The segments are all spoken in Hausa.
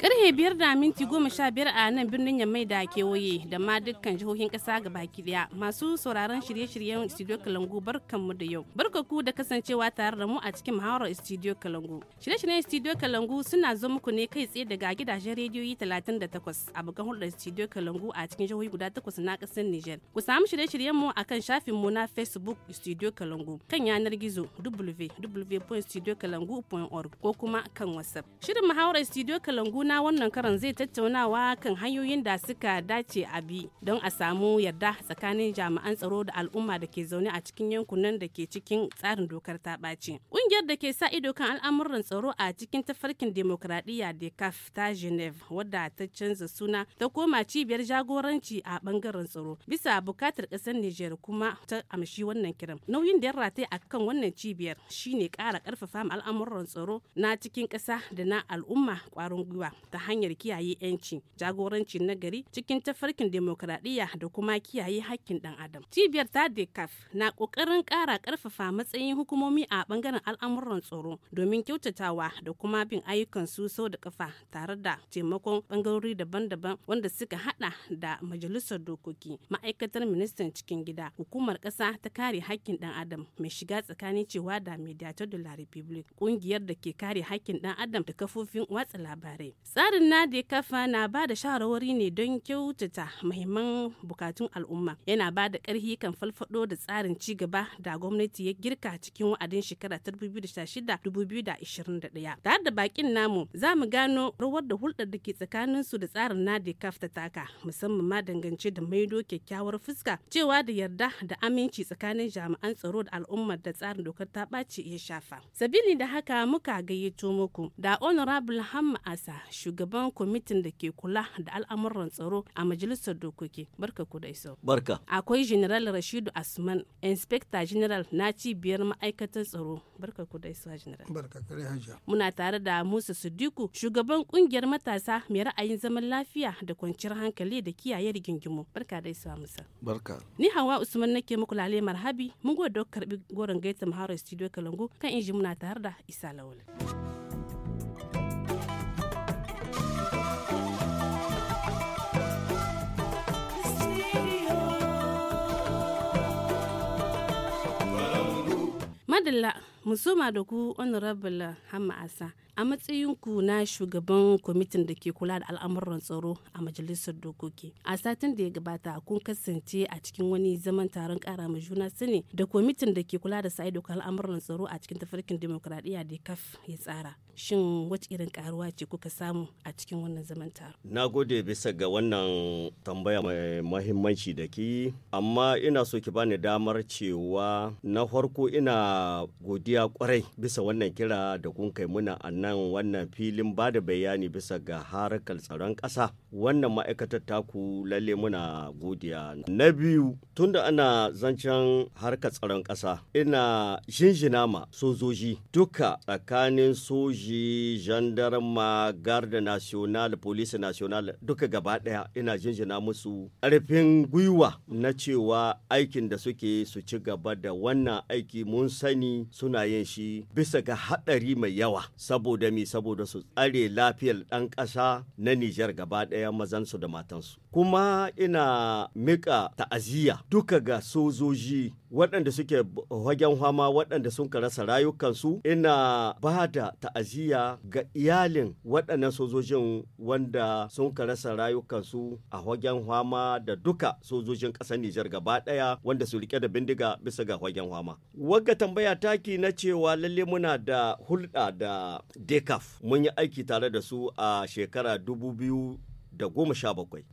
Karfe biyar da minti goma sha biyar a nan birnin yammai da kewaye da ma dukkan jihohin kasa ga baki daya masu sauraron shirye-shiryen studio kalangu kanmu da yau barkaku da kasancewa tare da mu a cikin muhawarar studio kalangu shirye-shiryen studio kalangu suna zo muku ne kai tsaye daga gidajen rediyoyi 38 a bugan hulɗar studio kalangu a cikin jihohi guda takwas na ƙasar niger ku samu shirye-shiryen mu a kan shafin mu na facebook studio kalangu kan yanar gizo www.studiokalangu.org ko kuma kan whatsapp shirin muhawarar studio kalangu na wannan karan zai tattaunawa kan hanyoyin da suka dace a bi don a samu yarda tsakanin jami'an tsaro da al'umma da ke zaune a cikin yankunan da ke cikin tsarin dokar ta ɓaci. Ƙungiyar da ke sa ido kan al'amuran tsaro a cikin tafarkin demokradiyya DECAF ta Geneve wadda ta canza suna ta koma cibiyar jagoranci a bangaren tsaro bisa bukatar ƙasar Nijar kuma ta amshi wannan kiran. Nauyin da ya rataye a kan wannan cibiyar shine ƙara ƙarfafa al'amuran tsaro na cikin ƙasa da na al'umma ƙwarin gwiwa. ta hanyar kiyaye 'yanci jagoranci na gari cikin tafarkin demokradiyya da kuma kiyaye hakkin dan adam cibiyar ta dekaf na kokarin kara karfafa matsayin hukumomi a bangaren al'amuran tsaro domin kyautatawa da kuma bin ayyukan su sau da kafa tare da taimakon bangarori daban-daban wanda suka hada da majalisar dokoki ma'aikatar ministan cikin gida hukumar kasa ta kare hakkin dan adam mai shiga tsakanin cewa da mediator de la republic kungiyar da ke kare hakkin dan adam da kafofin watsa labarai tsarin na da kafa na ba da shawarwari ne don kyautata muhimman bukatun al'umma yana ba da karhi kan falfado da tsarin ci gaba da gwamnati ya girka cikin wa'adin shekara ta 2016-2021 tare da bakin namu za mu gano rawar da hulɗar da ke tsakanin su da tsarin da kafa ta taka musamman ma dangance da maido kyakkyawar fuska cewa da yarda da aminci tsakanin jami'an tsaro da al'umma da tsarin dokar ta ɓaci ya shafa sabili da haka muka gayyato muku da honorable hamma asa shugaban kwamitin da ke kula da al'amuran tsaro a majalisar dokoki barka ku da iso barka akwai general rashidu asman inspector general na cibiyar ma'aikatan tsaro barka ku da iso general barka kare hajja muna tare da musa sidiku shugaban kungiyar matasa mai ra'ayin zaman lafiya da kwanciyar hankali da kiyaye rigingimu barka da iso musa barka ni hawa usman nake muku lale marhabi mun gode karbi goron gaita maharo studio kalangu kan inji muna tare da isa lawal madalla musoma da ku honorable hamma asa a matsayinku na shugaban kwamitin da ke kula da al'amuran tsaro a majalisar dokoki a satin da ya gabata kun kasance a cikin wani zaman taron kara ma juna sani da kwamitin da ke kula da sa al'amuran tsaro a cikin tafarkin demokradiyya da kaf ya tsara shin wace irin karuwa ce kuka samu a cikin wannan zaman na gode bisa ga wannan tambaya mai mahimmanci da ki amma ina so ki bani damar cewa na farko ina godiya kwarai bisa wannan kira da kun kai muna a nan wannan filin ba da bayani bisa ga harkar tsaron kasa. wannan ma'aikatar taku lalle muna godiya na biyu tunda ana zancen harkar tsaron ƙasa ina jinjina ma sojoji duka tsakanin soji sojoji garda national police national duka gaba daya ina jinjina musu ƙarfin gwiwa na cewa aikin da suke su ci gaba da wannan aiki mun sani suna yin shi bisa ga haɗari mai yawa saboda mi saboda su tsare lafiyar ɗan ƙasa na nijar gaba daya mazansu da matansu kuma ina mika ta'aziyya duka ga sojoji waɗanda suke hagen hama waɗanda sun rasa rayukansu ina ba da ta'aziyya ga iyalin waɗannan sojojin wanda sun rasa rayukansu a hagen hama da duka sojojin ƙasar Nijar gaba ɗaya wanda su rike da bindiga bisa ga wajen hama Wagga tambaya taki na cewa lalle muna da hulɗa da dekaf mun yi aiki tare da su a shekara dubu biyu da sha bakwai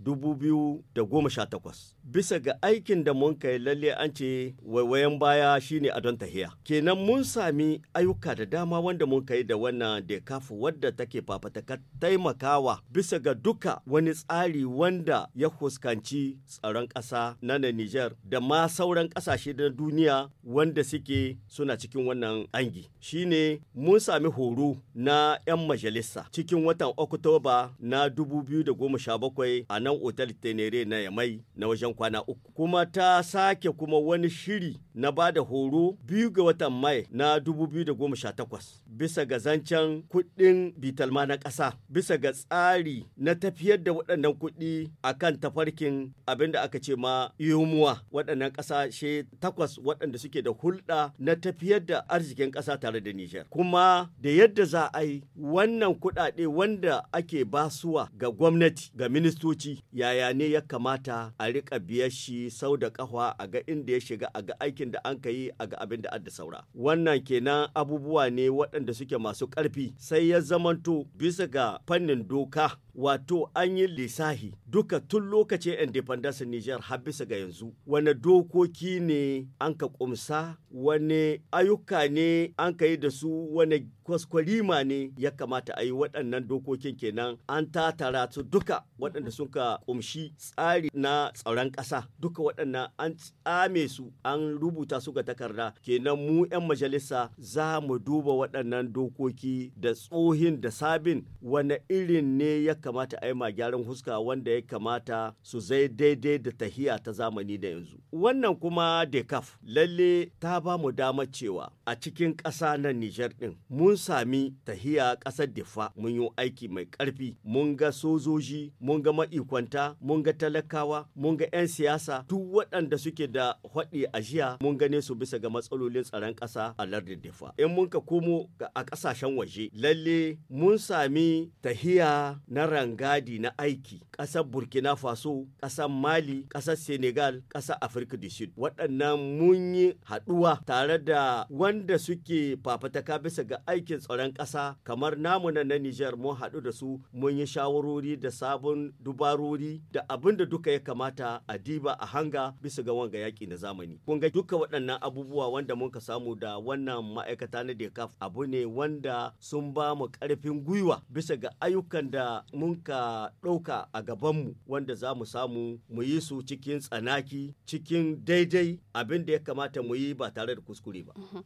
takwas bisa ga aikin da mun kai lalle an ce waiwayen baya shine a don tahiya kenan mun sami ayyuka da dama wanda mun kai da wannan da kafu wadda take fafataka taimakawa bisa ga duka wani tsari wanda ya fuskanci tsaron ƙasa na Niger da ma sauran ƙasashe na duniya wanda suke suna cikin wannan angi shine mun sami horo na 'yan majalisa cikin watan oktoba na 2010 goma sha bakwai a nan otal tenere na yamai na wajen kwana uku kuma ta sake kuma wani shiri na ba da horo biyu ga watan mai na 2018 bisa ga zancen kuɗin bitalma na ƙasa bisa ga tsari na tafiyar da waɗannan kuɗi a kan tafarkin abin da aka ce ma yumuwa waɗannan ƙasashe takwas waɗanda suke da hulɗa na tafiyar da arzikin ƙasa tare da Nijar. Kuma da yadda za a yi wannan kuɗaɗe wanda ake basuwa ga gwamnati ga ministoci yaya ne ya kamata a riƙa biyar shi sau da ƙafa a ga inda ya shiga a ga aikin da an ka yi a ga abin da adda saura wannan kenan abubuwa ne waɗanda suke masu ƙarfi sai ya zamanto bisa ga fannin doka wato an yi lissahi duka tun lokacin independence Niger har bisa ga yanzu wani dokoki ne an ka kumsa wani ayyuka ne an ka yi da su wani kwaskwarima ne ya kamata a yi waɗannan dokokin kenan an tatara su duka waɗanda sun ka kumshi tsari na tsaron ƙasa duka waɗannan an tsame su an rubuta su ga takarda kenan mu 'yan majalisa za mu duba waɗannan dokoki da tsohin da sabin wani irin ne ya kamata a yi ma gyaran huska wanda ya kamata su zai daidai da tahiya ta zamani da yanzu wannan kuma dekaf lalle ta ba mu dama cewa a cikin ƙasa na nijar ɗin mun sami tahiya ƙasar difa mun yi aiki mai ƙarfi mun ga sojoji mun ga ma'ikwanta mun ga talakawa mun ga 'yan siyasa duk waɗanda suke da haɗi a jiya mun gane su bisa ga matsalolin tsaron ƙasa a lardin difa in mun ka komo a ƙasashen waje lalle mun sami tahiya na rangadi na aiki ƙasar burkina faso ƙasar mali ƙasar senegal ƙasar afirka da sud waɗannan mun yi haɗuwa tare da wanda suke fafataka bisa ga aikin tsaron ƙasa kamar namu na nijar mun haɗu da su mun yi shawarori da sabon dubarori da abin da duka ya kamata a diba a hanga bisa ga wanga yaƙi na zamani kun ga duka waɗannan abubuwa wanda mun ka samu da wannan ma'aikata na dekaf abu ne wanda sun ba mu ƙarfin gwiwa bisa ga ayyukan da mun domin ka ɗauka a gabanmu wanda za mu samu mu yi su cikin tsanaki cikin daidai abin da ya kamata mu yi ba tare da kuskure ba. Mhm.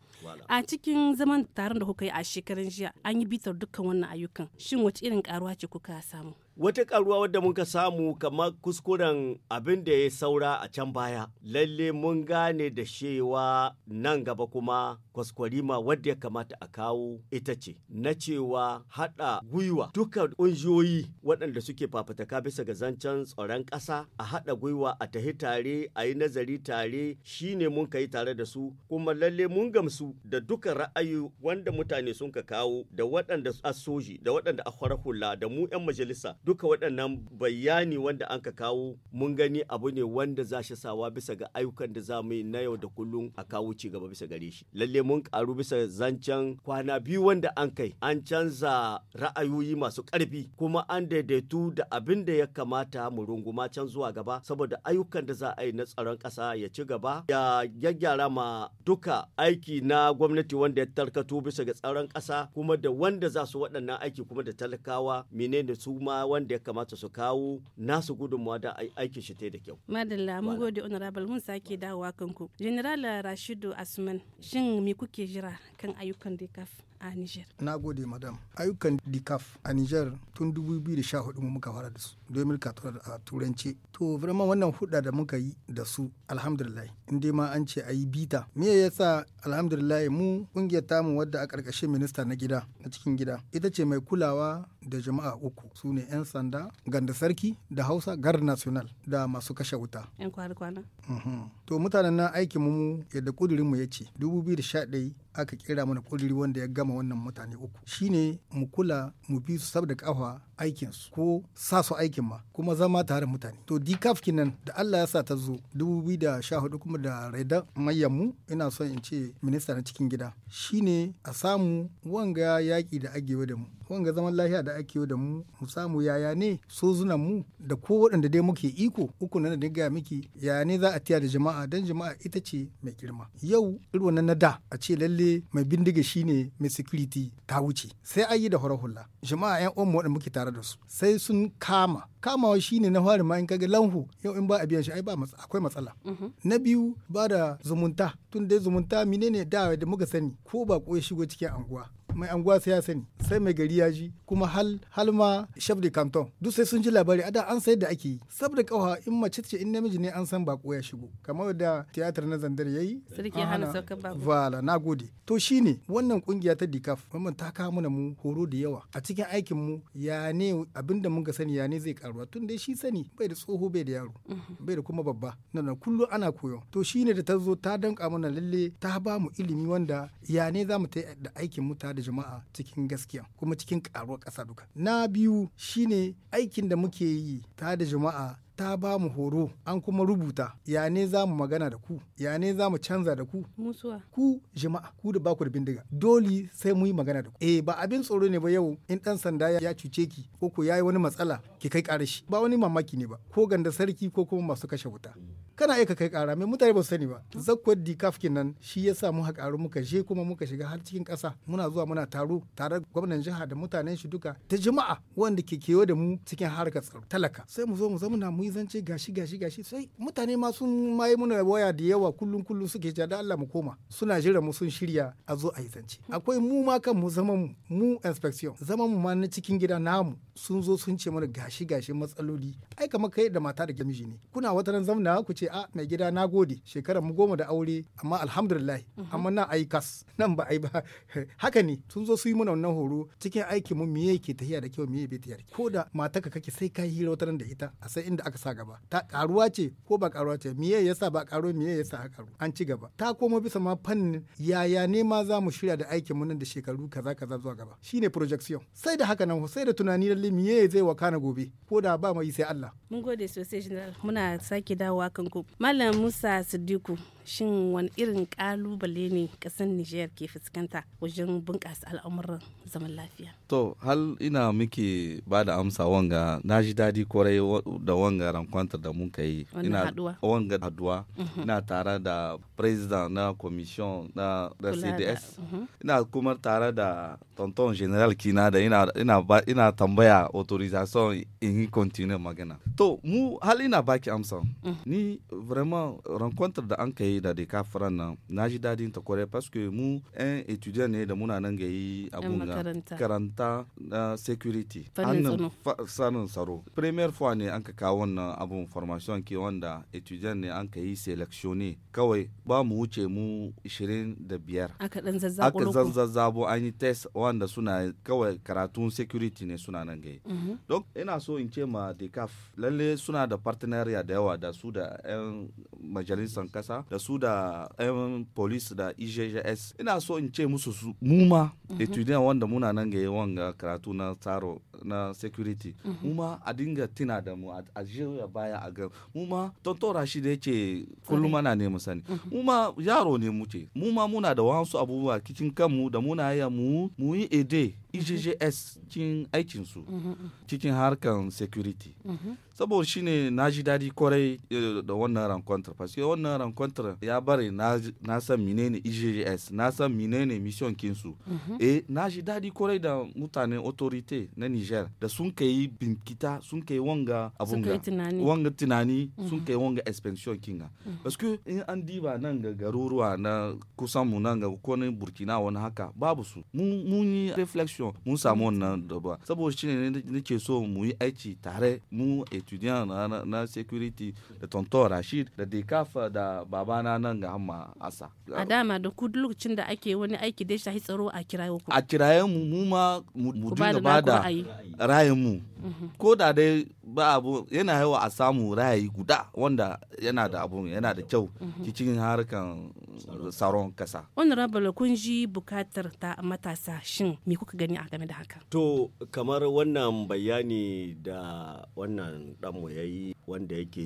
A cikin zaman taron da kuka yi a shekarun jiya an yi bitar dukkan wannan ayyukan shin wace irin karuwa ce kuka samu? Wata karuwa wadda muka samu kamar kuskuren abin da ya saura a can baya, lalle mun gane da shewa nan gaba kuma kwaskwarima wadda ya kamata a kawo ita ce, na cewa hada gwiwa duka ƙungiyoyi waɗanda suke fafataka bisa ga zancen tsaron ƙasa a hada gwiwa a tahi tare a yi nazari tare shine mun kai tare da su kuma lalle mun gamsu da duka ra'ayi wanda mutane sun ka kawo da waɗanda asoji da waɗanda a hula da mu 'yan majalisa duka waɗannan bayani wanda an ka kawo mun gani abu ne wanda za shi sawa bisa ga ayyukan da za mu yi na yau da kullum a kawo ci gaba bisa gare shi lalle mun karu bisa zancen kwana biyu wanda an kai an canza ra'ayoyi masu ƙarfi kuma an daidaitu da abin da ya kamata mu runguma can zuwa gaba saboda ayyukan da za a yi na tsaron ƙasa ya ci gaba ya gyaggyara ma duka aiki na gwamnati wanda ya tarkato bisa ga tsaron ƙasa kuma da wanda za su waɗannan aiki kuma da talakawa menene su ma wanda ya kamata su kawo nasu gudunmuwa da aikin shi ta da kyau. Madalla mun gode honorable mun sake dawowa kanku. General Rashidu Asman shin me kuke jira kan ayyukan DECAF? a Niger. Na gode madam. Ayyukan DICAF a Niger tun 2014 muka fara da su, 2014 a turanci To vraiment wannan hudda da muka yi da su alhamdulillah. In dai ma an ce a yi bita. Me yasa alhamdulillah mu kungiyar tamu wadda a karkashin minista na gida na cikin gida ita ce mai kulawa da jama'a uku su ne 'yan sanda ganda sarki da hausa gar national da masu kashe wuta 'yan kwana-kwana mhm. to mutanen na aikin mu yadda kudurin mu ya ce 2011 aka kira mana ƙuduri wanda ya gama wannan mutane uku shine mu kula mu bi su da ƙafa aikinsu ko sa su aikin ma kuma zama tare mutane to dikaf kinan da Allah ya sa ta zo 2014 kuma da raida mu ina son in ce minista na cikin gida shine a samu wanga yaƙi da ake da mu wanga zaman lafiya da ake da mu mu samu yaya ne sozunan mu da ko waɗanda dai muke iko uku na da ga miki yaya ne za a tiya da jama'a dan jama'a ita ce mai girma yau irin na da a ce lalle mai bindiga shine mai security ta wuce sai a yi da hula jama'a 'yan uwan mu waɗanda muke tare da su sai sun kama kamawa shine na fari ma in kage lanhu yau in ba a biyan shi ai ba akwai matsala mhm. na biyu ba da zumunta tun dai zumunta menene da da muka sani ko ba ko ya shigo cikin anguwa mai anguwa siyasa ya sani sai mai gari ya ji kuma hal halma chef de canton duk sai sun ji labari ada an sayar da ake yi saboda kawa in mace ce in namiji ne an san bako ya shigo kamar da tiyatar na zandar yayi sarki hana saukan bako vala nagode to shine wannan kungiya ta dikaf wannan ta kawo mana mu horo da yawa a cikin aikin mu ya ne abinda mun ga sani ya ne zai karuwa tun dai shi sani bai da tsoho bai da yaro mhm. bai da kuma babba nan kullum ana koyo to shine da ta zo ta danka mana lalle ta ba mu ilimi wanda ya ne za mu ta da aikin mu ta da da jama'a cikin gaskiya kuma cikin karuwar ƙasa duka na biyu shine aikin da muke yi ta da jama'a ta ba mu horo an kuma rubuta ya ne za mu magana da ku ya ne za mu canza da ku musuwa ku jama'a ku da baku da bindiga dole sai mu yi magana da ku eh ba abin tsoro ne ba yau in dan sanda ya cuce ki ko ko yi wani matsala ki kai karashi ba wani mamaki ne ba ko ganda sarki ko kuma masu kashe wuta kana iya kai kara mai mutane ba su sani ba zakwar dikaf nan shi ya sa hakarun muka je kuma muka shiga har cikin ƙasa muna zuwa muna taro tare da gwamnan jiha da mutanen shi duka ta jama'a wanda ke kewa da mu cikin harkar tsaro talaka sai mu zo mu zama mu yi zance gashi gashi gashi sai mutane ma sun maye muna waya da yawa kullun kullum suke ja da Allah mu koma suna jira mu sun shirya a zo a yi zance akwai mu ma kan mu zama mu inspection zama mu ma na cikin gida namu sun zo sun ce mana gashi gashi matsaloli ai kamar kai da mata da miji ne kuna wata ran zamna ku ce a mai gida na gode shekarar mu goma da aure amma alhamdulillah mhm. amma na ai kas nan ba ai ba haka ne sun zo su yi mana wannan horo cikin aikin mu miye ke tahiya da kyau miye bai da ko da mataka kake sai ka hira wata ran da ita a sai inda aka sa gaba ta karuwa ce ko ba karuwa ce miye yasa ba karo miye yasa a karu an ci gaba ta koma bisa ma fannin yaya ne ma za mu shirya da aikin mu nan da shekaru kaza kaza zuwa gaba shine projection sai da haka nan sai da tunani lalle miye zai wakana gobe ko da ba mai sai Allah mun gode sosai general muna sake dawowa kan ku malam Musa sidiku shin wani irin kalubale ne kasan Nijiyar ke fuskanta wajen bunƙasa al'amuran zaman lafiya to hal ina muke ba da amsa wanga na ji daɗi kwarai da wanga rankwantar da muka yi wanga haduwa mhm. ina tare da president na commission na cds mhm. ina kuma tare da tonton general kina da ina tambaya autorisation in continue magana to mu hal ina baki amsa mhm. ni vraiment rankwantar da an kai yi da deka faran nan na ji dadin ta kwarai paske mu yan etudiyan ne da muna nan ga yi abun karanta na security fannin sanin saro premier fois ne an ka kawo wannan abun formation ke wanda etudiyan ne an ka yi selectione kawai ba mu wuce mu 25 aka dan zazzabo an yi test wanda suna kawai karatun security ne suna nan gai mhm. don ina so in ce ma decaf lalle suna da partenariya da yawa da su da yan majalisar kasa da su da yan eh, police da ejjs ina so in ce musu su muma mu mm -hmm. wanda muna nan ga wanga karatu na taro na security -hmm. muma a dinga tina da mu a jiya baya a ga muma ma tonton rashid ya ce kullum ana ne mhm. mu sani -hmm. muma yaro ne mu ce muna da wasu abubuwa kicin kanmu da muna yi mu mu yi ede IGGS cikin aikinsu mhm, mhm, mhm. cikin harkan security. Saboda shi ne na ji daɗi kwarai eh, da wannan rancontra. Parce wannan rancontra ya bari na san menene IGGS, na san menene mission kinsu. E, na ji daɗi kwarai da mutane autorite na Niger da sun yi binkita sun yi wanga abun ga. Wanga tunani sun yi wanga expansion kinga. Parce que in an diba nan ga garuruwa na kusan mu nan ga kone Burkina wani haka babu su. Mun yi reflection solution mun samu wannan da ba saboda shine nake so mu yi aiki tare mu etudiant na, na security da tonton rashid da dekafa da na nan ga hamma asa a dama da ku lokacin da ake wani aiki da shi tsaro a kirayo ku a kiraye mu mu ma mu dinga ba da rayin mu mhm. ko da dai ba abu yana yawa a samu rayi guda wanda yana da abu yana da kyau mhm. cikin harkan tsaron kasa honorable kun ji bukatar ta matasa shin me kuka gani a game da haka to kamar wannan bayani da wannan ɗanmu ya yi wanda yake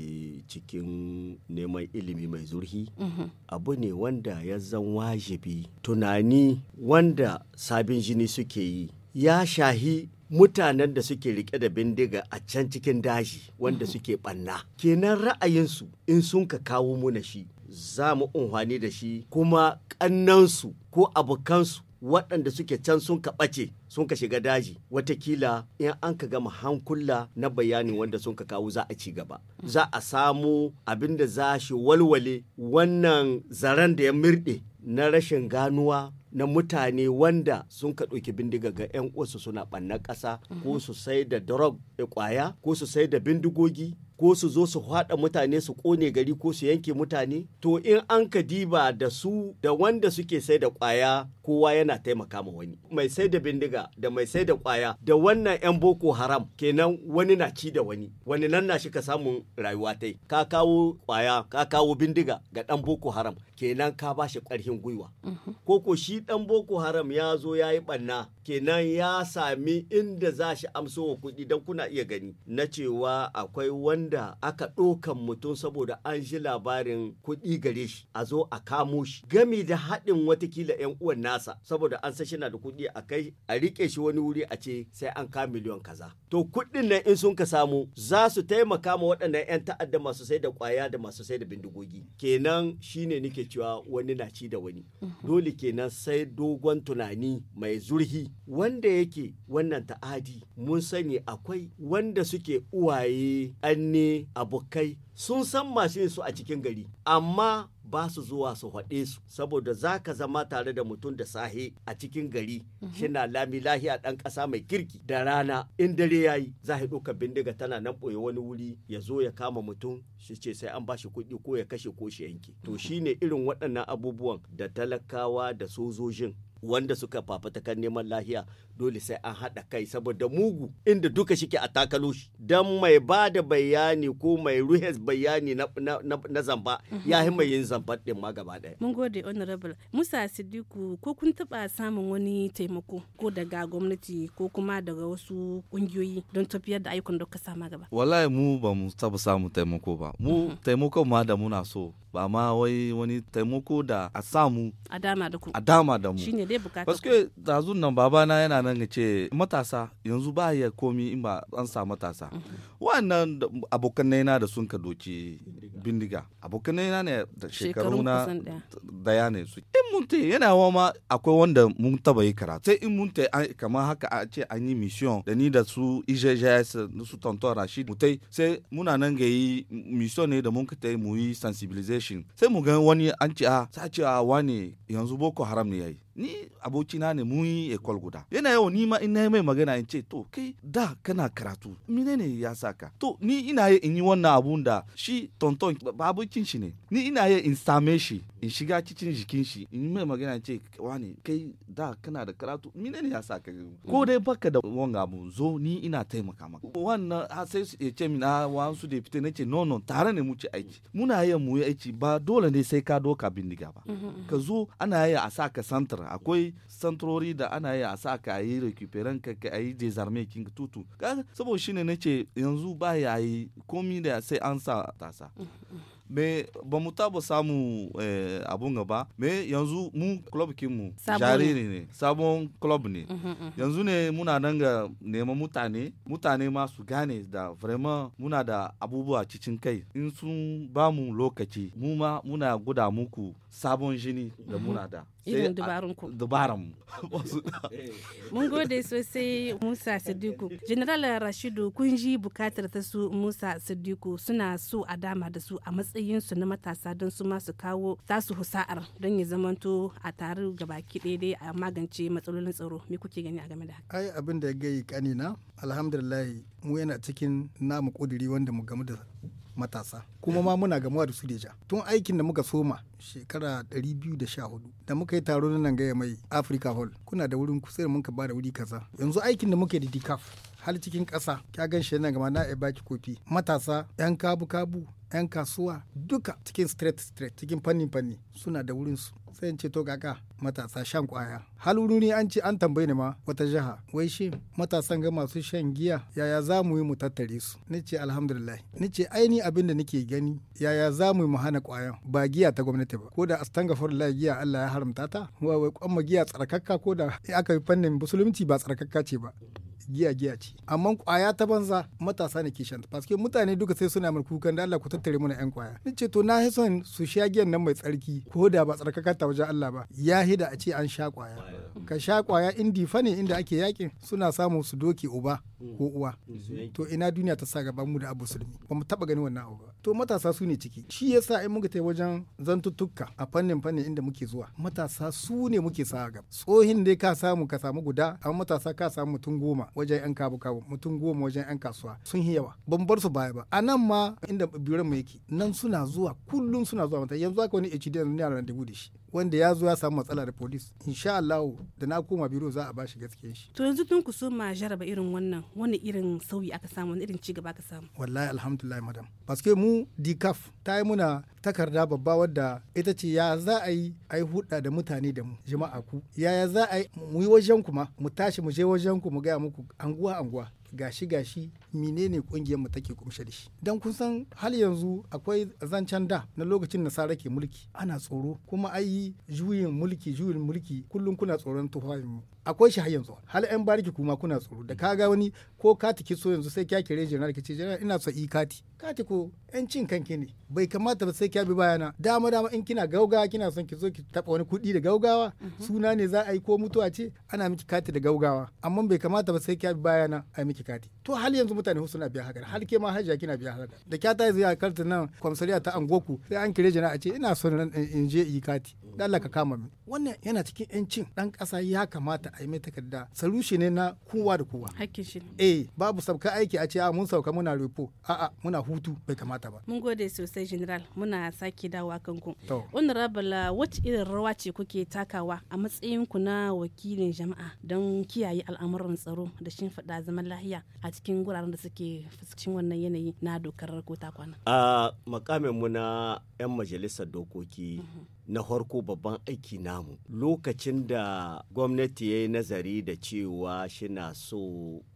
cikin neman ilimi mai zurhi mhm. abu ne wanda ya zan wajibi tunani wanda sabin jini suke yi ya shahi mutanen da suke rike da bindiga a can cikin daji wanda mhm. suke ɓanna. kenan ra'ayinsu in sun ka kawo muna shi za mu unhwani da shi kuma ƙannansu ko abokansu waɗanda suke can sun ka ɓace sun ka shiga daji watakila in an ka gama hankula na bayani wanda sun ka kawo za a ci gaba za a samu abin da za shi walwale wannan zaren da ya mirɗe na rashin ganuwa na mutane wanda sun ka ɗauki bindiga ga 'yan uwansu suna ɓannan ƙasa ko su sai da drug ƙwaya ko su sai da bindigogi ko su zo su haɗa mutane su ƙone gari ko su yanke mutane to in an ka diba da su da wanda suke sai da ƙwaya kowa yana taimaka ma wani mai sai da bindiga da mai sai da ƙwaya da wannan 'yan boko haram kenan wani na ci da wani wani nan na shi ka samun rayuwa tai ka kawo ƙwaya ka kawo bindiga ga ɗan boko haram kenan ka ba shi ƙarfin gwiwa mhm. ko ko shi ɗan boko haram ya zo ya yi ɓanna kenan ya sami inda za shi amso kuɗi don kuna iya gani na cewa akwai wani wanda aka ɗokan mutum saboda an ji labarin kuɗi gare shi a zo a kamo shi gami da haɗin watakila 'yan uwan nasa saboda an san na da kuɗi a kai a riƙe shi wani wuri a ce sai an ka miliyon kaza to kuɗin nan in sun ka samu za su taimaka ma waɗannan 'yan ta'adda masu sai da ƙwaya da masu sai da bindigogi kenan shine nake cewa wani na ci da wani mhm. dole kenan sai dogon tunani mai zurhi wanda yake wannan ta'adi mun sani akwai wanda suke uwaye an ne abokai sun san mashin su a cikin gari amma ba su zuwa su haɗe su saboda za ka zama tare da mutum da sahe a cikin gari mhm. shina lami lahiya ɗan ƙasa mai kirki da rana in dare ya yi za a ɗauka bindiga tana nan ɓoye wani wuri ya zo ya kama mutum shi ce sai an bashi kuɗi ko ya kashe ko shi yanke to shine irin waɗannan abubuwan da talakawa da sojojin wanda suka fafatakan neman lahiya dole sai an haɗa kai saboda mugu inda duka shike a takalo shi dan mai ba da bayani ko mai ruhes bayani na, na, na, na zamba mhm. ya yi mai yin zamba ɗin ma gaba ɗaya. Mun gode honorable Musa Sidiku ko kun taɓa samun wani taimako ko daga gwamnati ko kuma daga wasu ƙungiyoyi don tafiyar da ayyukan da ka sama gaba. Wallahi mu ba mu taɓa samun taimako ba. Mu mhm. taimako taimakon ma da muna so ba ma wai wani taimako da a samu. A dama da ku. A dama da mu. Shine zai bukata paske dazun nan na yana nan ya ce matasa yanzu ba ya komi in ba an sa matasa mhm. wannan abokan na da sun ka doki bindiga Abokan na ne da shekaru na daya ne su in mun te yana wa ma akwai wanda mun taba yi kara. sai in mun te kamar haka a ce an yi mission da ni da su IJJS su tonton Rashid mutai sai muna nan ga yi mission ne da mun ka mu yi sensibilization sai mu ga wani an ce ah, a sa ce a ah, wani yanzu boko haram ne yayi ni abokina ne mun yi ekol guda yana yau ni ma ina mai magana in ce to kai da kana karatu ne ya ka. to ni ina yi in yi wannan abun da shi tonton babukin shi ne ni ina yi in same shi in shiga cikin jikin shi in mai magana ce wani kai da kana da karatu mine ne ya sa ka ko dai baka da wanga mu zo ni ina taimaka maka wannan sai su ce min ah, su da fita nace no no tare ne mu ci aiki muna yin mu aiki ba dole ne sai ka doka bindiga ba mm-hmm, mm-hmm. ka zo ana yi a sa ka santar akwai santrori da ana yi a sa ka yi recuperant ka ka yi desarme king tutu saboda shine nace yanzu ba yayi komi da sai an sa tasa mm-hmm, me ba mu taba samu eh, abun gaba me yanzu mu club mu jariri ne sabon club ne yanzu ne muna nan ga neman mutane mutane ma su gane da vraiment muna da abubuwa cikin kai in sun ba mu lokaci mu ma muna guda muku sabon jini da muna da irin dubarun ku dubaran mun gode sosai musa sadiku general rashidu kun ji bukatar ta su musa sadiku suna so a dama da su a matsayin su na matasa don su ma su kawo tasu husa'ar don ya zamanto a tare gabaki daidai dai a magance matsalolin tsaro me kuke gani a game da haka ai abin da ya gai kanina alhamdulillah mu yana cikin namu kudiri wanda mu game da matasa kuma ma muna gamuwa da su deja tun aikin da muka soma shekara 214 da muka yi taro na nan gaya mai Africa Hall kuna da wurin kusa da mun ba da wuri kaza yanzu aikin da muke da decaf hal cikin ƙasa kya gan shi nan gama na e baki kofi matasa yan kabu kabu 'yan kasuwa duka cikin straight straight cikin fanni fanni suna da wurinsu sai in ce to kaka matasa shan kwaya hal ne an ce an tambaye ni ma wata jiha wai shi matasan ga masu shan giya yaya za mu yi mu tattare su ni ce alhamdulillah ni ce aini abin da nake gani yaya za mu yi mu hana kwaya. ba giya ta gwamnati ba ko da astanghfar giya Allah ya haramta ta wai kwamma giya tsarkakka ko da aka yi fannin musulunci ba tsarkakka ce ba giya giya ce amma kwaya ta banza matasa ne ke shan ta paske mutane duka sai suna mai kukan da Allah ku tattare mana yan kwaya ni ce to na hi son su sha giyan nan mai tsarki ko da ba tsarkakar ta wajen Allah ba ya hi da a ce an sha kwaya ka sha kwaya indi fa ne inda ake yakin suna samu su doke uba ko uwa to ina duniya ta sa gaba mu da abu sulmi ba mu taba gani wannan abu ba to matasa su ne ciki shi yasa in muka tai wajen zantuttuka a fannin fannin inda muke zuwa matasa su ne muke sa gaba tsohin dai ka samu ka samu guda amma matasa ka samu mutum goma wajen 'yan kabu-kabu mutum goma wajen 'yan kasuwa sun yi yawa ban bar su baya ba a nan ma inda biran mu yake nan suna zuwa kullum suna zuwa mata yanzu aka wani HD yanzu yana randevu da shi wanda ya zo ya samu matsala da polis insha Allah da na koma biro za a ba shi gaskiyar shi to yanzu tun ku so ma jaraba irin wannan wani irin sauyi aka samu wani irin cigaba aka samu wallahi alhamdulillah madam paske mu dikaf ta yi muna takarda babba wadda ita ce ya za a yi a yi hudda da mutane da mu jama'a ku yaya za a yi mu yi wajen kuma mu tashi mu je wajen ku mu gaya muku anguwa anguwa gashi gashi menene kungiyar mu take kumshe da shi dan kun san hal yanzu akwai zancen da na lokacin nasara ke mulki ana tsoro kuma ayi juyin mulki juyin mulki kullum kuna tsoron tufafin mu akwai shi har yanzu hal yan bariki kuma kuna tsoro da ka ga wani ko kati ki so yanzu sai kya kire general ki ce ina so i kati kati ko yan cin kanki ne bai kamata ba sai kya bi bayana dama dama in kina gaugawa kina son ki zo ki taba wani kudi da gaugawa mhm. suna ne za a yi ko mutuwa ce ana miki kati da gaugawa amma bai kamata ba sai kya bi bayana a miki kati to hal yanzu mutane hu suna biya haka hal ke ma hajiya kina biya haka da kya ta kartin nan kwamsariya ta angoku sai an kire jana a ce ina son in je i kati dala ka kama min wannan yana cikin yancin dan kasa ya kamata a yi mai takarda sarushi ne na kowa da kowa eh babu sabka aiki a ce a ah, mun sauka muna repo a'a muna hutu bai kamata ba mun gode sosai general muna sake dawowa kanku honorable uh, wacce irin rawa ce kuke takawa a matsayin ku na wakilin jama'a don kiyaye al'amuran tsaro da shimfiɗa zaman lahiya a cikin guraren da suke fuskacin wannan yanayi na dokar ko ta kwana a makamin mu na yan majalisar dokoki mhm. na farko babban aiki namu lokacin da gwamnati ya yi nazari da cewa shi na so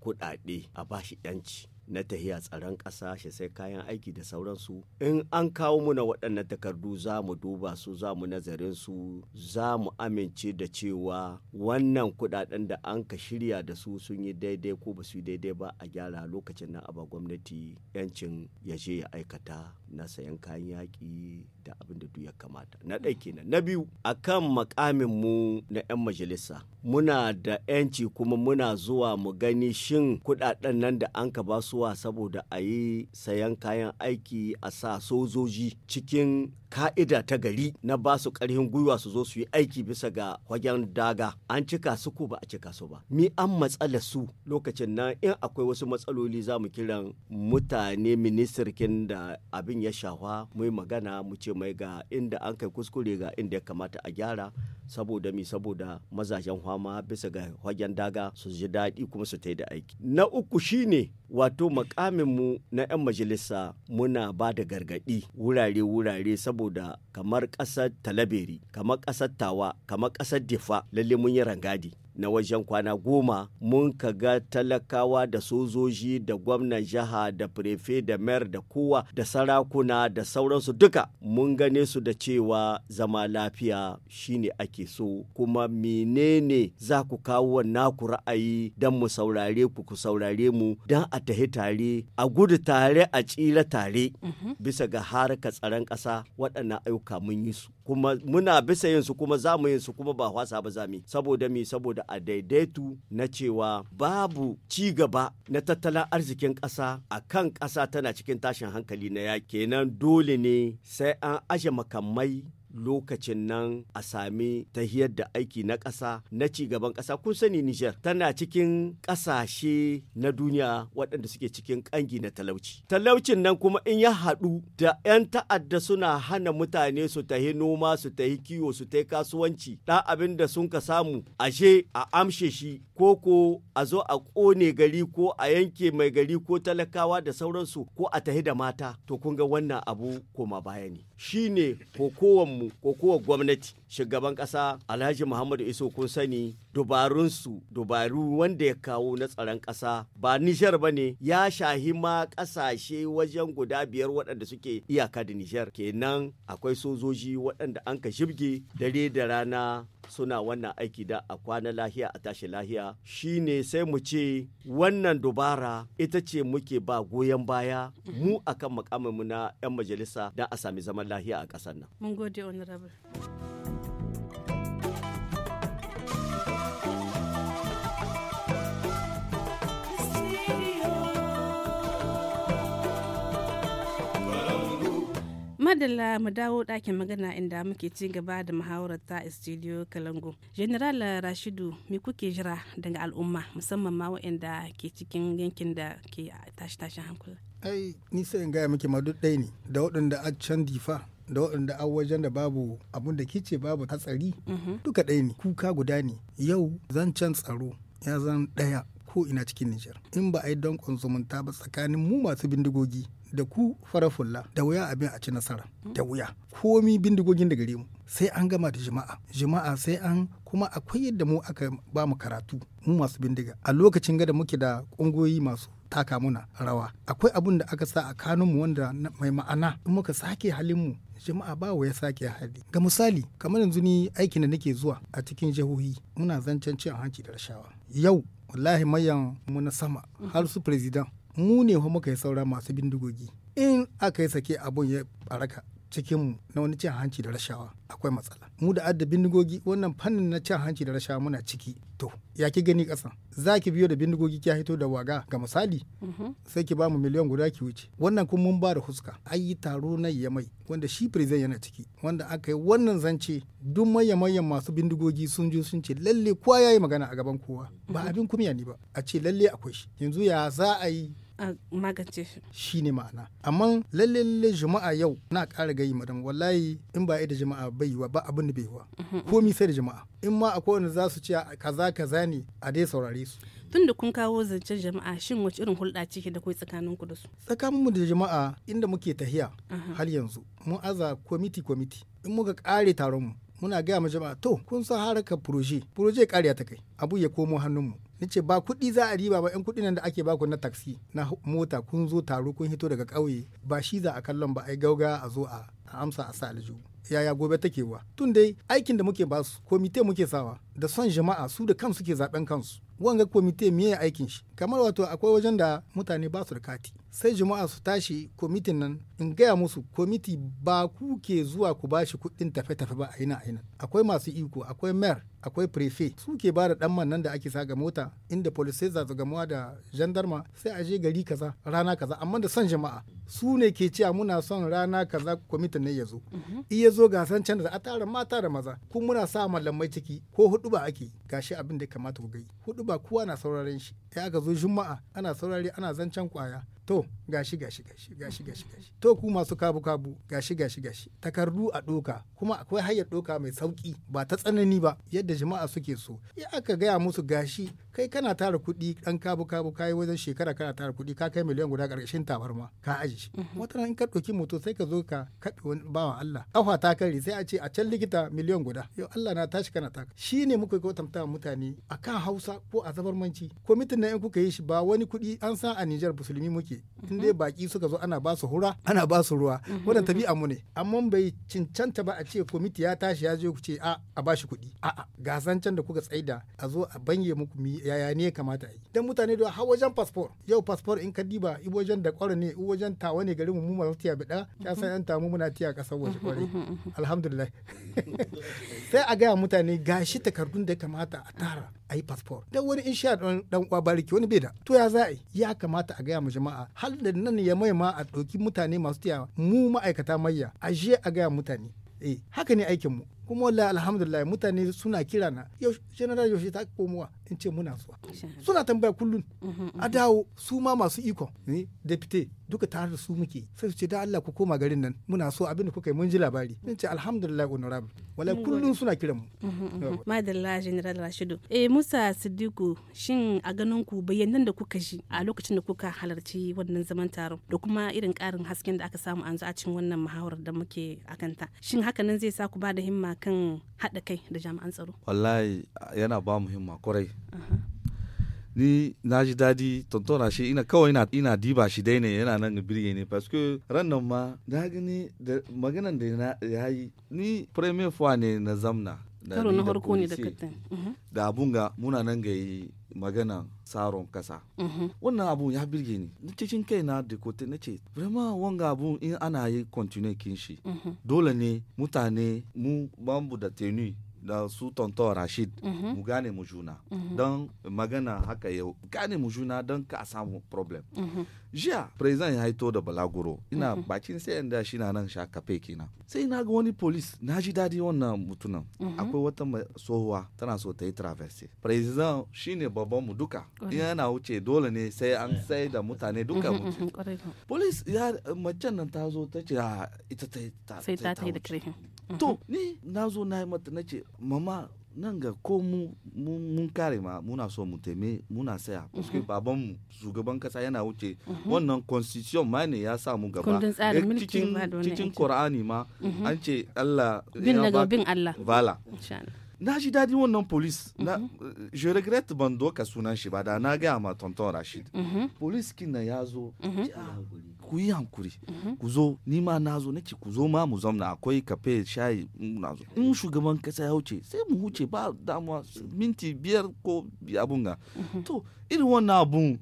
kuɗaɗe a bashi 'yanci na tahiya tsaron ƙasa shi sai kayan aiki da sauransu in an kawo muna waɗannan takardu za mu duba su za mu nazarin su za mu amince da cewa wannan kuɗaɗen da an ka shirya da su sun yi daidai ko ba su yi daidai ba a gyara lokacin nan a ba gwamnati yancin ya je ya aikata na sayan kayan yaƙi da abin da duk ya kamata na ɗaya kenan na biyu akan makamin mu na 'yan majalisa muna da 'yanci kuma muna zuwa mu gani shin kuɗaɗen nan da an ka ba su kasuwa saboda a yi sayan kayan aiki a sa sojoji cikin ka'ida ta gari na ba su karhin gwiwa su zo su yi aiki bisa ga wajen daga an cika su ko ba a cika su ba mi an matsala su lokacin nan in akwai wasu matsaloli za mu kiran mutane ministirkin da abin ya shafa mu yi magana mu ce mai ga inda an kai kuskure ga inda ya kamata a gyara saboda mi saboda mazajen hwama bisa ga wajen daga su ji daɗi kuma su ta da aiki na uku shine wato mu na 'yan majalisa muna ba da gargaɗi wurare-wurare saboda kamar ƙasar talaberi kamar ƙasar tawa kamar ƙasar difa lalle mun yi rangadi na wajen kwana goma mun ka ga talakawa da sojoji da gwamnan jiha da prefe da mayar da kowa da sarakuna da sauransu duka mun gane su da cewa zama lafiya shine ake so kuma menene za ku kawo naku ra'ayi don mu saurare ku ku saurare mu don a tahi tare a gudu tare a tsira tare mhm. bisa ga harka tsaron ƙasa waɗannan ayyuka mun yi su kuma muna bisa yin su kuma za mu yin su kuma ba hwasa ba za mu saboda mi saboda a daidaitu na cewa babu ci gaba na tattalin arzikin ƙasa a kan ƙasa tana cikin tashin hankali na yaƙi kenan dole ne sai an aje makamai lokacin nan a sami tahiyar da aiki na ƙasa na cigaban ƙasa kun sani Nijar tana cikin ƙasashe na duniya waɗanda suke cikin ƙangi na talauci. Talaucin nan kuma in ya haɗu da 'yan ta'adda suna hana mutane su tahi noma su tahi kiwo su tahi kasuwanci da abin da sun ka samu ashe a amshe shi ko ko a zo a ƙone gari ko a yanke mai gari ko talakawa da sauransu ko a tahi da mata to kun ga wannan abu koma baya ne. Shine kokowan mu ko kowa gwamnati shugaban ƙasa Alhaji Muhammadu Iso kun sani dubarunsu dubaru wanda ya kawo na tsaron ƙasa ba Nijar ba ne ya shahi ma ƙasashe wajen guda biyar waɗanda suke iyaka da Nijar kenan akwai sojoji waɗanda an ka shibge dare da rana suna wannan aiki da a kwana lahiya a tashi lahiya shine sai mu ce wannan dubara ita ce muke ba goyon baya mu akan mu na 'yan majalisa don a sami zaman lahiya a ƙasar nan. Mun gode honorable. madalla mu dawo ɗakin magana inda muke ci gaba da muhawarar ta studio kalango general rashidu me kuke jira daga al'umma musamman ma waɗanda ke cikin yankin da ke tashi tashin hankula ai ni sai in gaya muke ma duk ɗaya ne da waɗanda a can difa da waɗanda a wajen da babu abun da kice babu hatsari mhm. duka ɗaya ne kuka guda ne yau zan can tsaro ya zan ɗaya ko ina cikin Nijar in ba a yi don zumunta ba tsakanin mu masu bindigogi da ku fara fulla da wuya abin a ci nasara da wuya komi bindigogin da gare mu sai an gama da jama'a jama'a sai an kuma akwai yadda mu aka ba mu karatu mu masu bindiga a lokacin gada muke da ƙungiyoyi masu taka muna rawa akwai abun da aka sa a kanunmu wanda mai ma'ana in muka sake halin mu. jama'a ba ya sake hali ga misali kamar yanzu ni aikin da nake zuwa a cikin jihohi muna zancen cin hanci da rashawa yau wallahi mayan mu na sama har su president mu ne muka yi saura masu bindigogi in aka yi sake abun ya baraka cikinmu na wani cin hanci da rashawa akwai matsala mu da adda bindigogi wannan fannin na cin hanci da rashawa muna ciki to ya ki gani kasan za ki biyo da bindigogi ki hito da waga ga misali mhm. sai ki ba mu miliyan guda ki wuce wannan kun mun ba da huska an yi taro na yamai wanda shi president yana ciki wanda aka yi wannan zance duk mayan masu bindigogi sun je sun ce lalle kowa ya yi magana a gaban kowa ba mhm. abin kumya ne ba a ce lalle akwai shi yanzu ya za a yi a magance shi shi ne ma'ana amma lalle lalle jama'a yau na ƙara gayi madam wallahi in ba da jama'a bai wa ba abin da bai wa mi mhm. sai da jama'a in ma akwai wanda za su ce kaza kaza ne a dai saurare su tun da kun kawo zancen jama'a shin wace irin hulɗa ce da kai tsakanin ku da su tsakaninmu da jama'a inda muke tahiya har yanzu mun aza kwamiti kwamiti in muka ƙare taron mu muna gaya ma jama'a to kun san haraka proje proje ƙariya ta kai abu ya komo mu nace ba kuɗi za a riba ba yan kuɗi nan da ake baku na taksi na mota kun zo taro kun hito daga ƙauye ba shi za a kallon ba ai gauga a zo a amsa a sa aljihu yaya gobe take wa tun dai aikin da muke basu komite muke sawa da son jama'a su da kansu ke zaben kansu wanga komite miye aikin shi kamar wato akwai wajen da mutane ba su da kati sai juma'a su tashi kwamitin nan in gaya musu komiti ba ku ke zuwa ku bashi kuɗin tafe-tafe ba aina aina akwai masu iko akwai mayor akwai prefect su ke ba da ɗan nan da ake sa ga mota inda police za su gamuwa da gendarma sai a je gari kaza rana kaza amma da son jama'a su ne ke cewa muna son rana kaza kwamitin ne ya zo mhm. in ya zo gasan san da a tara mata da maza kun muna sa malamai ciki ko hudu ba ake gashi abin da kamata ku gai hudu ba kowa na sauraren shi ya aka zo juma'a ana saurare ana zancen kwaya to gashi gashi gashi gashi gashi mm-hmm. gashi to ku masu kabu kabu gashi gashi gashi takardu a doka kuma akwai hayar doka mai sauki ba ta tsanani ba yadda jama'a suke so ya aka gaya musu gashi kai kana tara kuɗi ɗan kabu kabu kayi wajen shekara kana tara kuɗi ka kai miliyan guda ƙarƙashin tabarma ka aji shi mhm. wata in ka ɗauki moto sai ka zo ka kaɓe wani bawan Allah ƙafa ta kare sai a ce a can likita miliyan guda yau Allah na tashi kana taka shi ne muka kwatanta mutane a kan Hausa ko a zabarmanci mitin nan in kuka yi shi ba wani kuɗi an san a Nijar musulmi muke mhm. in dai baƙi suka zo ana ba su hura ana ba su ruwa mhm. wannan tabi'a mu ne amma bai cancanta ba a ce kwamiti ya tashi ya je ku ce a a ba shi kuɗi a'a gasan can da kuka tsaida a zo a banye muku mi yaya ne ya kamata a yi dan mutane da har wajen fasfo yau fasfor in ka diba i wajen da kwaro ne i wajen tawa ne garin mu masu tiya bida ya san yan tamu muna tiya kasar waje kwarai mm-hmm, mm-hmm, mm-hmm. alhamdulillah sai a gaya mutane gashi takardun da ya kamata a tara a yi fasfor dan wani in sha dan uwa bariki wani bai da to ya za ya kamata a gaya mu jama'a hal da nan ya mai ma a ɗauki mutane masu tiya mu ma'aikata mayya a je a gaya mutane eh haka ne aikin mu kuma wallahi alhamdulillah mutane suna kira na yau general yaushe ta komowa in ce muna zuwa suna tambaya kullun mm-hmm, a mm-hmm. dawo su ma masu iko ni deputy duka tare da su muke sai su ce da Allah ku koma garin nan muna so abin da kuka yi mun ji labari mun ce alhamdulillah honorable wallahi kullun suna kiran mu mhm, mhm, mhm. madalla general rashidu eh musa siddiqu shin a ganin ku nan da kuka ji a lokacin da kuka halarci wannan zaman taron da kuma irin karin hasken da aka samu an zo a cikin wannan muhawarar da muke akan ta shin haka nan zai sa ku ba da himma kan hada kai da jami'an tsaro wallahi yana ba mu himma ni na ji daɗi tontona shi ina kawai ina, diba shi dai ne yana nan birge ne paske que ran nan ma da gani da maganan da ya yi ni premier fuwa ne na zamna karo na ne da mhm. da abun ga muna nan ga yi magana tsaron kasa mhm. wannan abu ya birge ni na cikin kai na da kote na ce vraiment wanga abu in ana yi continue kin mhm. dole ne mutane mu bambu da tenue da su tonton rashid mhm. mu gane mu juna mhm. don magana haka yau gane mu juna don ka samu problem mhm. jiya president ya haito da balaguro ina mm -hmm. bakin sayan da shi na nan kafe kenan sai na ga wani polis na ji dadi wannan mutunan mm -hmm. akwai wata tsohuwa tana so ta yi traverse president shine babban mu duka yana wuce dole ne sai an sai da mutane duka mhm, wuce mhm, polis ya macen nan ta zo ta ce ah, ita ta yi ta ta yi da to mhm. ni na zo na yi mata na ce mama nan ga ko mu mun kare ma muna so mu teme muna saya parce que baban mu shugaban kasa yana wuce wannan constitution ma ne ya sa mu gaba eh, cikin cikin Qur'ani ma an ce Allah bin daga bin Allah bala na ji dadi wannan police na eh, je regrette ban doka sunan shi ba da na ga ma tonton Rashid police kin na ya zo ku yi hankuri mhm. ku zo ni ma na zo nake ku zo ma mu zauna akwai kafe shayi na zo in mhm. shugaban kasa ya wuce sai mu huce ba damuwa minti biyar ko abun ga mhm. to irin wannan abun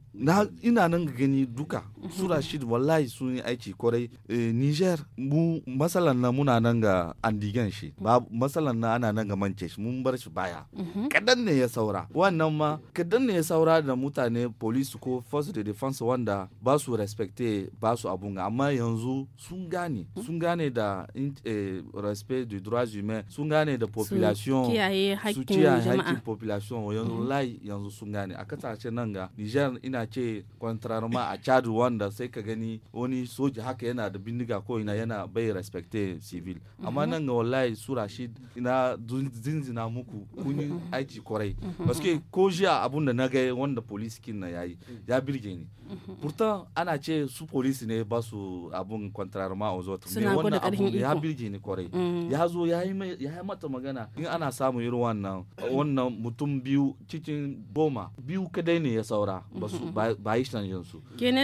ina nan gani duka su rashid wallahi sun yi aiki kwarai eh, niger mu matsalan na muna nan ga andigan shi ba matsalan na ana nan ga mance shi mun bar shi baya kadan ne ya saura wannan ma kadan ne ya saura da mutane police ko force de defense wanda ba su respecte ba su abun ga amma yanzu sun gane hmm? sun gane da eh, respect du droit humain sun gane da population su kiyaye haƙƙin population yanzu hmm. lai yanzu sun gane a kasashe nan ga Niger ina ce contrairement a Chad wanda sai ka gani wani soja haka yana da bindiga ko ina yana bai respecte civil amma mhm. nan ga wallahi su Rashid ina zinzina muku kun yi mhm. aiki kwarai mhm. que ko jiya abun da na ga wanda police kin na yayi ya birge ni Pourtant ana ce su polisi ne ba su abun contrairement aux autres mais wannan abun ya birge ni kwarai. Mm. Ya zo ya yi mata magana in ana samun irin wannan wannan mutum biyu cikin boma. biyu kadai ne ya saura ba su ba yi canjin su.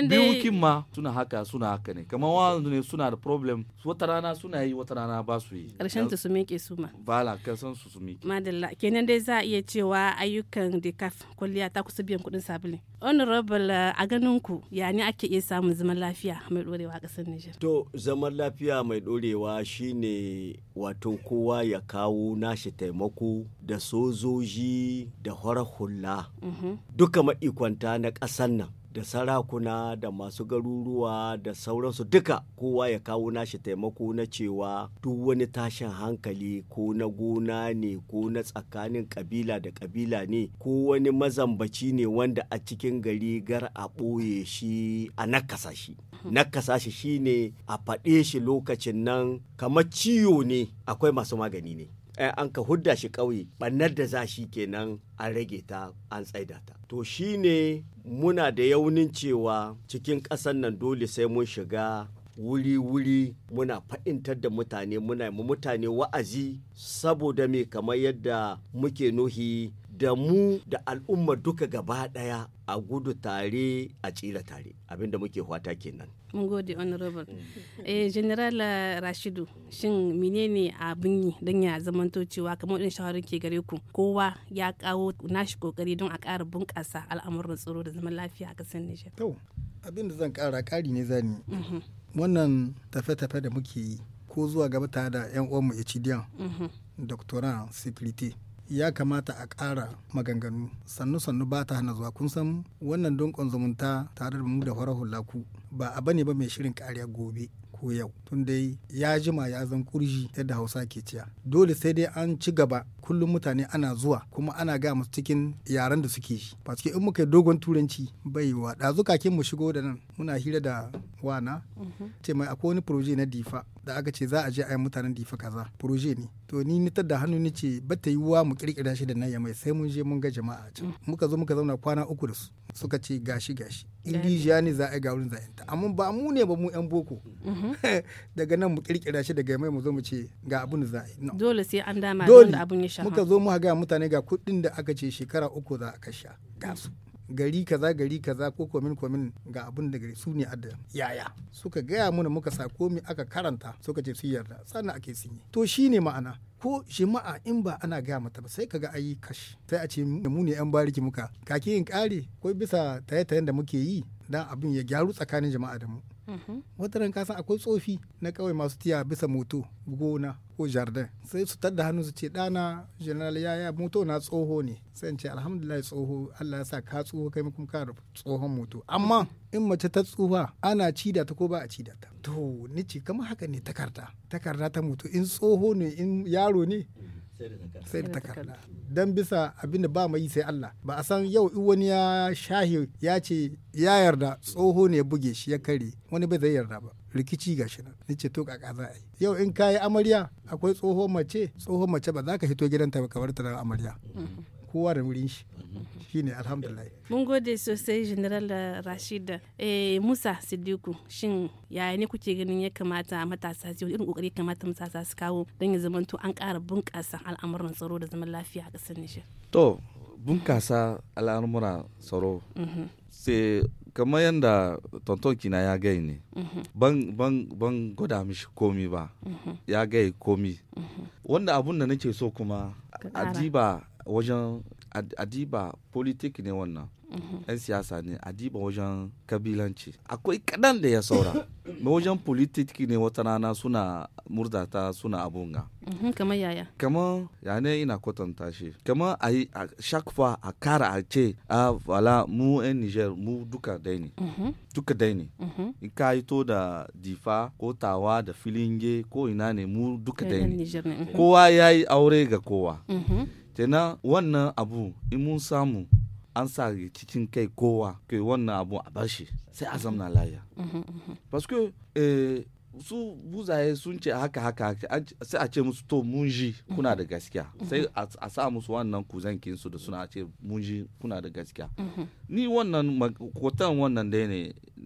Biyu kin ma suna haka suna haka ne kamar wanda ne suna da problem wata rana suna yi wata rana ba su yi. Karshen ta su miƙe su ma. Bala karshen su su miƙe. Madalla kenan dai za a iya cewa ayyukan da kaf kulliya ta kusa biyan kuɗin sabulin. honorable eh, a ganin ku ya ne ake iya samun zaman lafiya mai dorewa a ƙasar Nijar? To zaman lafiya mai dorewa shine wato kowa ya kawo nashi taimako da sojoji da horar hula mhm. duka ma'ikwanta na ƙasar nan. da sarakuna da masu garuruwa da sauransu duka kowa ya kawo nashi taimako na cewa duk wani tashin hankali ko na gona ne ko na tsakanin kabila da kabila ne ko wani mazambaci ne wanda a cikin gari gar a ɓoye shi a nakasa shi hmm. nakasa shi shine a faɗe shi lokacin nan kamar ciwo ne akwai masu magani ne Eh, an ka hudda shi ƙauye ɓannar da za shi kenan an rage ta an tsaida ta to shi ne muna da yaunin cewa cikin ƙasan nan dole sai mun shiga wuri-wuri muna fa'intar da mutane muna mu mutane wa'azi saboda me kamar yadda muke nuhi da mu da al'umma duka gaba daya a gudu tare a tsira tare abinda muke hwata kenan mun gode honorable mm. eh general rashidu shin menene abin yi don ya zamanto cewa kamar din shawarar ke gare ku kowa ya kawo nashi kokari don a ƙara bunƙasa al'amuran tsaro da zaman lafiya a ƙasar Nijar to abin da zan ƙara ƙari ne zani wannan tafe-tafe da muke yi ko zuwa gaba tare da 'yan uwanmu ecidiyan mhm. doctoran security ya kamata a ƙara maganganu sannu-sannu ba ta hana zuwa kun san wannan dunkon zumunta tare da mu da farar hulaku ba a bane ba mai shirin kariya gobe ko yau tun dai ya jima ya zan kurji yadda hausa ke ciya dole sai dai an ci gaba kullum mutane ana zuwa kuma ana ga musu cikin yaren da suke shi ba in muka dogon turanci bai wa ɗazukakin mu shigo da nan muna hira da wana mhm. ce mai akwai wani proje na difa da aka ce za a je a yi mutanen difa kaza proje ne to ni nitar da hannu ni ce ba ta yiwuwa mu kirkira shi da nan ya mai sai mun je mun ga jama'a can mm. muka zo muka zauna kwana uku da su suka ce gashi gashi indijiya ne za a yi ga wurin zayanta amma ba mu ne ba mu yan boko mhm. daga nan mu kirkira shi daga mai mu zo mu ce ga abun za a yi dole sai an dama da abun ya shafa muka zo mu ga mutane ga kuɗin da aka ce shekara uku za a kashe ga su gari kaza gari kaza ko komin komin ga abin da gari su ne adda yaya suka gaya mana muka sa komi aka karanta suka ce su yarda sannan ake sinye to shi ne ma'ana ko jima'a in ba ana gaya mata ba sai kaga ayi kash sai a ce mu ne yan bariki muka Kake in kare ko bisa taye-tayen da muke yi dan abin ya gyaru tsakanin jama'a da mu mm-hmm. wata ran kasan akwai tsofi na kawai masu tiya bisa moto gona ko jardin sai su tadda hannu su ce dana general yaya moto na tsoho ne sai in ce alhamdulillah tsoho Allah ya sa ka tsoho kai kuma ka tsohon moto amma in mace ta tsufa ana cida ta ko ba a da ta to ni ce kamar haka ne takarda takarda ta moto in tsoho ne in yaro ne sai da takarda don bisa abinda ba mai sai Allah ba a san yau wani ya shahi ya ce ya yarda tsoho ne ya buge shi ya kare wani bai zai yarda ba rikici ga shi nan ce to kaka za a yi yau in ka yi amarya akwai tsoho mace tsoho mace ba za ka hito gidanta ba kamar ta amarya mm-hmm. kowa da wurin shi shi ne alhamdulillah mun gode sosai general rashid. Eh, musa sidiku shin yaya ne kuke ganin ya kamata matasa su irin kokari kamata matasa su kawo don ya zamanto an kara bunkasa al'amuran tsaro da zaman lafiya a ƙasar nijar to bunkasa al'amura tsaro mhm. sai kamar yadda tonton kina ya gai ne mhm. ban ban ban gwada mishi komi ba mhm. ya gai komi wanda abun da nake so kuma adiba wajen adiba politik ne wannan mhm. yan siyasa ne adiba wajen kabilanci akwai kadan da ya saura ma wajen politik ne wata rana suna murdata suna abunga mhm, kamar yaya kamar ya ne ina kwatanta shi kamar a yi shakfa a kara a ce a wala mu yan niger mu duka dai mhm. duka dai ne in ka yi to da difa ko tawa da filinge ko ina ne mu duka dai ne kowa ya yi aure ga kowa tana wannan abu in mun samu an sa cikin kai kowa ke wannan abu a bashi sai a zamna laya paske eh, su buzaye sun ce haka haka sai a ce musu to munji kuna da gaskiya sai a sa musu wannan kuzankinsu su da suna ce munji kuna da gaskiya ni wannan hoton wannan dai ne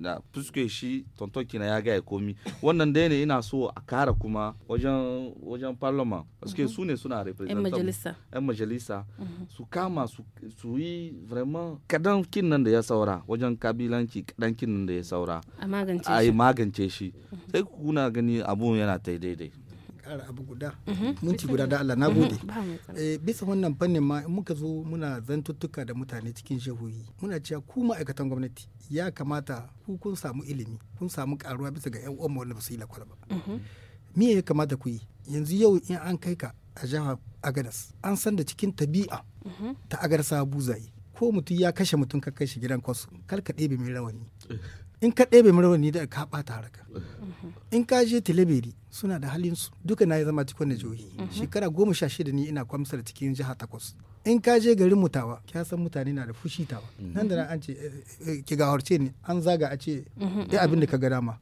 na fuske shi tontoki na ya gaya komi wannan dai ne ina so a kara kuma wajen wajen parliament suke mhm. su ne suna representant yan majalisa mhm. su kama su yi vraiment kadan kin nan da ya saura wajen kabilanci kadan kin nan da ya saura a magance shi mhm. sai kuna gani abun yana ta daidai kara abu guda mhm. minti guda da Allah na gode eh, bisa wannan fannin ma in muka zo muna zantuttuka da mutane cikin jihohi muna cewa ku ma'aikatan gwamnati ya kamata ku kun samu ilimi kun samu karuwa bisa ga 'yan uwan wanda ba su yi lakwal ba mhm. me ya kamata ku yi yanzu yau in an kai ka a jihar agadas an san da cikin tabi'a mhm. ta agar sabu ko mutum ya kashe mutum ka kai shi gidan kwasu kar ka ɗebe mai rawani eh. in ka ɗebe mai rawani da ka ɓata haraka in ka je talabiri suna da halin su duka na yi zama cikin jihohi mhm. shekara goma sha shida ne ina kwamsar cikin jiha takwas in ka je garin mutawa ka san mutane na da fushi tawa mhm. nan da nan an ce eh, eh, eh, ki ga horce ne an zaga a ce ya mhm. abin da ka ga dama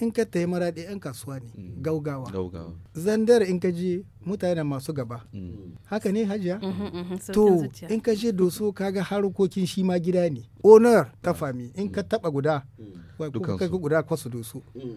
in ka tayi maraɗi yan kasuwa ne gaugawa zandar in ka je mutane masu gaba haka ne hajiya to in ka je doso ka ga harkokin shi ma gida ne honor ta fami in ka taba guda kai guda kwasu doso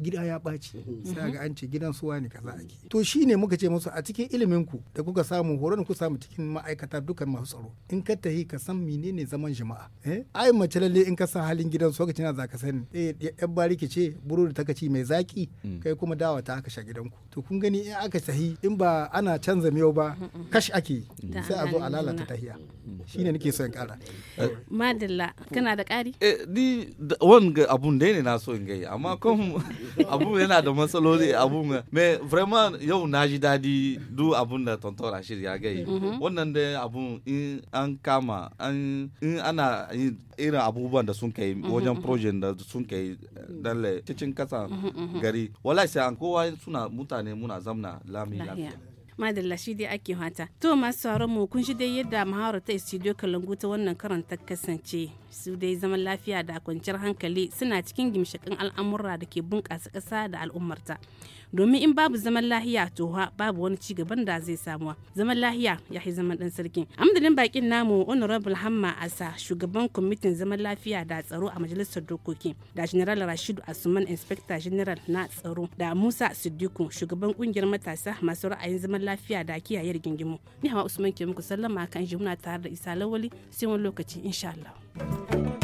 gida ya ɓaci mhm. sai ga an ce gidan suwa ne kaza ake mhm. to shine muka ce musu a cikin ilimin ku da kuka samu horon ku samu cikin ma'aikata dukan masu tsaro in ka tahi ka san menene zaman jama'a eh ai mace lalle in ka san halin gidan su kace na za ka sani eh yan bariki ce buru da takaci mai zaki mm. kai kuma dawa ta aka sha gidanku to kun gani in aka tahi in ba ana canza miyo ba mm, mm, kash ake sai a zo a lalata tahiya ne nake son kara eh. madalla kana da kari eh ni wanga abun da ne na so in gai amma kuma abu yana da matsaloli abu me vraiment yau na ji dadi duk abun da tonton Rashid ya gai mhm. wannan da abun in an kama an in ana irin abubuwan da sun kai mhm, wajen mhm. projen da sun kai eh, dalle cikin kasa gari wallahi sai an kowa suna mutane muna zamna lami lafiya madalla shi dai ake hata to masu sauran mu kun shi dai yadda mahawar ta studio kalangu ta wannan karanta ta kasance su dai zaman lafiya da kwanciyar hankali suna cikin gimshikin al'amura da ke bunƙasa ƙasa da al'ummarta domin in babu zaman lahiya to ha babu wani ci gaban da zai samuwa zaman lahiya ya yi zaman ɗan sarki amdalin bakin namu honorable hamma asa shugaban kwamitin zaman lafiya da tsaro a majalisar dokoki da general rashidu asuman inspector general na tsaro da musa siddiku shugaban kungiyar matasa masu ra'ayin zaman lafiya da kiyaye rigingimu ni hawa usman ke muku sallama kan jimuna tare da isa lawali sai wani lokaci insha Allah. Bye.